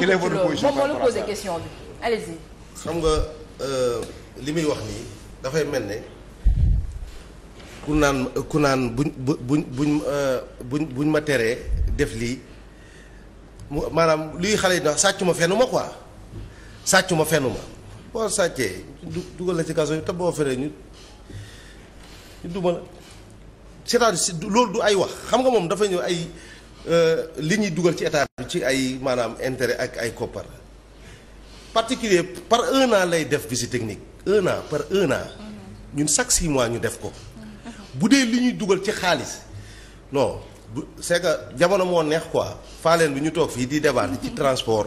quelle est votre position moom la posé question bi allez-y. xam nga euh, li muy wax nii dafay mel ne ku naan ku naan buñ bu buñ buñ euh, buñ buñ ma teree def lii maanaam luy xale yi ndax sàcc ma fenn ma quoi sàcc ma fenn ma boo sàccee dugal la ci kaso bi te boo feree ñu ñu duma la cest à loolu du ay wax xam nga moom dafa ñëw ay. Euh, li ñuy dugal ci état bi ci ay maanaam intérêt ak ay koppar particulier par un lay def visite technique un par un ñun chaque six mois ñu def ko bu dee li ñuy dugal ci xaalis non bu jamono moo neex quoi faaleen bi ñu toog fii di débat ci transport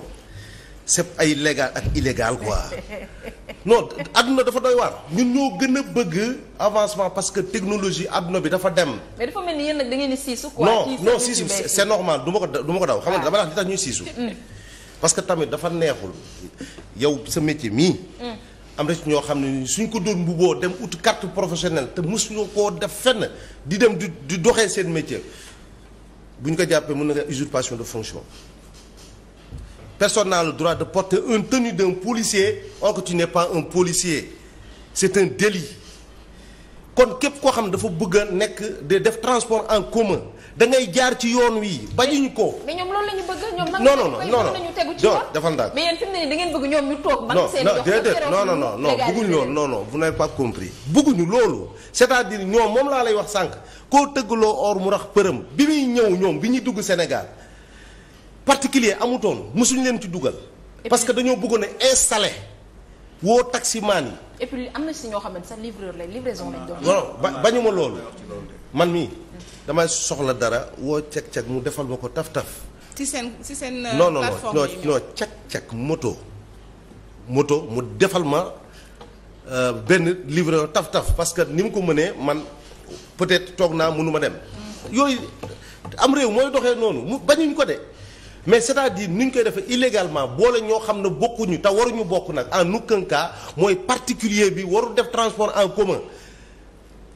c'est ay legal ak illégal quoi non àdduna dafa doy waar ñun ñoo gën a bëgg avancement parce que technologie àdduna bi dafa dem. mais dafa nag da ngeen di siisu quoi. non non siisu c'est normal du ma ko du ma ko daw. xam nga ah. dama la wax li tax ñuy siisu. Mm. parce que tamit dafa neexul yow sa métier mii. Mm. am na ñoo xam ne suñ ko doon mbubboo dem ut carte professionnelle te mosuñu koo def fenn di dem di doxee seen métier bu ñu ko jàppee mun na nga usurpation de fonction. Personne n'a le droit de porter une tenue d'un policier or que tu n'es pas un policier c'est un délit kon képp koo xam dafa bëgg a nekk de def transport en commun da ngay jaar ci yoon wii bañuñu ko. mais ñoom loolu la ñu bëgg ñoom. non non non non non defal ndànk ne da ngeen bëgg ñoom ñu toog. ban seen jox ko non non non non bëgguñu loolu non non vous n'avez pas compris. bëgguñu loolu c'est-à-dire ñoom moom laa lay wax sànq koo tëggloo or mu rax përëm bi muy ñëw ñoom bi ñuy dugg Sénégal. particulier amutoon mosuñ leen ci dugal. parce que dañoo bëggoon a installer woo taximaan yi. et puis am na si ñoo xamante sax livreur lay livraison lañ doon. non ba bañu ma loolu. man mii damay soxla dara woo cek cek mu defal ma ko taf taf. ci seen ci seen. Euh, non non non non cek cek moto. moto mu defal ma euh, benn livreur taf taf parce que ni mu ko mënee man peut-être toog naa mënuma dem. Mm. yooyu am réew mooy doxee noonu bañuñ ko de. mais c'est-à-dire ni ñu koy defee illégalement boole ñoo xam ne bokkuñu te waruñu bokk nag en aucun cas mooy particulier bi warul def transport en commun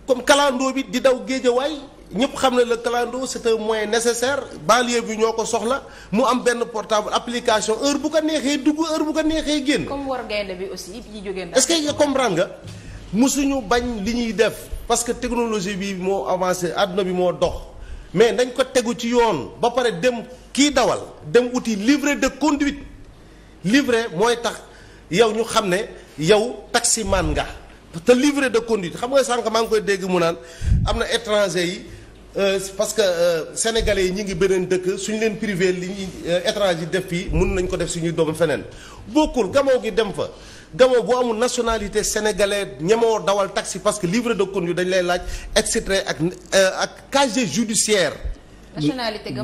comme kalandoo bi di daw géejawaay ñëpp xam ne le calando c'est un moyen nécessaire banlieue bi ñoo ko soxla mu am benn portable application heure bu ko neexee dugg heure bu ko neexee génn. comme war gaynde bi aussi yi jógee est-ce que comprendre nga musuñu bañ li ñuy def parce que technologie bi moo avancé àdduna bi moo dox. mais dañ ko tegu ci yoon ba pare dem kii dawal dem wuti livret de conduite livret mooy tax yow ñu xam ne yow taximan nga te livret de conduite xam nga sànq maa ngi koy dégg mu naan am na étranger yi euh, parce que euh, sénégalais yi ñu ngi beneen dëkk suñu leen privé li ñuy euh, étranger yi def fii mun nañ ko def suñuy doom feneen bokkul gamoo gi dem fa gamoo boo amul nationalité sénégalaise ñemoo dawal taxi parce que livre de conduite dañ lay laaj et cetera ak euh, ak casier judiciaire. nationalité non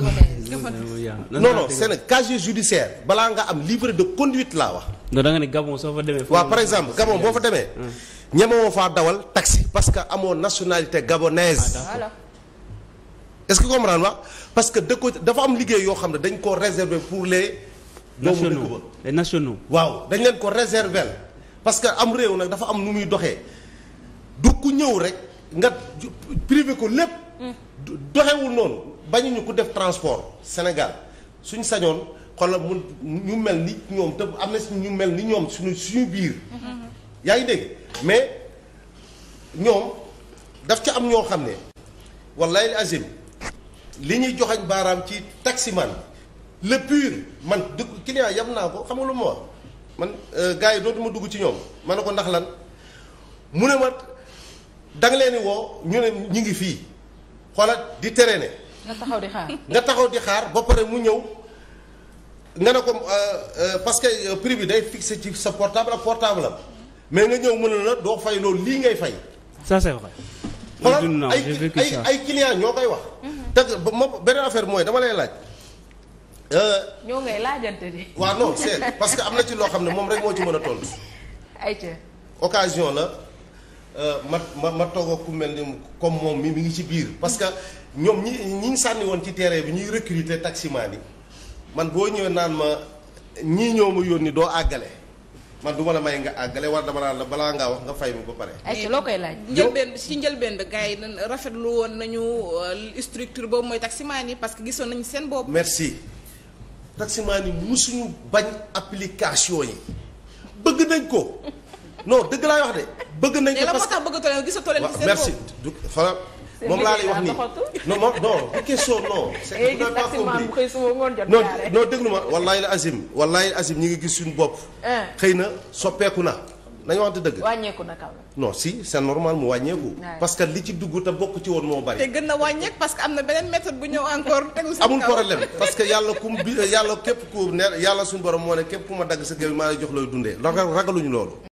non c'est casier judiciaire balaa nga am livre de conduite laa wax. non da nga ne Gabon soo fa demee. waaw par exemple Gabon boo fa demee. Hmm. parce que amoo nationalité gabonaise. Ah, est-ce que comprendre nga parce que da ko dafa am liggéey yoo xam ne dañ koo réserver pour les. doomu dëkk ba les nationaux waaw dañ leen ko réserver parce que am réew nag dafa am nu muy doxee du ku ñëw rek nga privé ko lépp mm. doxewul noonu bañuñu ku def transport Sénégal suñ sañoon xoolal mun ñu mel ni ñoom te am na ñu mel ni ñoom suñu suñu biir mm-hmm. yaa ngi dégg mais ñoom daf ca am ñoo xam ne walla wallahi azim li ñuy joxañ baaraam ci taximan le pur man du client yab naa ko xam nga lu ma wax man euh, gars yi dootuma dugg ci ñoom ma ne ko ndax lan mu ne ma da nga leen di woo ñu ne ñu ngi fii xoolal di tere ne. nga taxaw di xaar nga taxaw di xaar ba pare mu ñëw nga ne ko euh, euh, parce que prix bi day fixé ci sa portable ak portable am mais nga ñëw mën na doo fay loolu lii ngay fay. ça c'est vrai. ay ay ay clients ñoo koy wax. Mhm. te ma beneen affaire mooy dama lay laaj. Euh, ñoo ngay laajante di. waa non c'est parce que am na ci loo xam ne moom rek moo ci mën a tontu. ayca occasion la euh, ma ma ma toog ak ku mel ni comme moom mi mi ngi ci biir. parce que ñoom ñi ñi woon ci terrain bi ñuy recruter taximaan yi man boo ñëwee naan ma ñii ñoo ma yónni doo àggale. man du ma la may nga àggale war dama naan la balaa ngaa wax nga fay mu ba pare. ayca loo koy laaj. njëlbeen bi si njëlbeen bi gars yi rafetlu woon nañu euh, structure boobu mooy taximaan yi parce que gisoon nañu seen bopp. merci. taximaan yi suñu bañ application yi bëgg nañ ko non dëgg laay wax de bëgg nañ ko parce que bëgg tole gisatoo leen seen merci du fala moom laa lay wax nii non moom non du question non c'est que pas compris ma wallaay la wallaay la azim ngi gis suñu bopp ah. xëy na soppeeku na nañu waxante dëgg. wàññeeku na kaw non si c'est normal mu wàññeeku. parce que li ci dugg te bokk ci woon moo bari. te gën na wàññeeku parce que am na beneen méthode bu ñëw encore tegu amul problème parce que yàlla kum bi yàlla képp ku ne yàlla suñu borom moo ne képp ku ma dagg sa géej maa lay jox looy dundee ragaluñu loolu.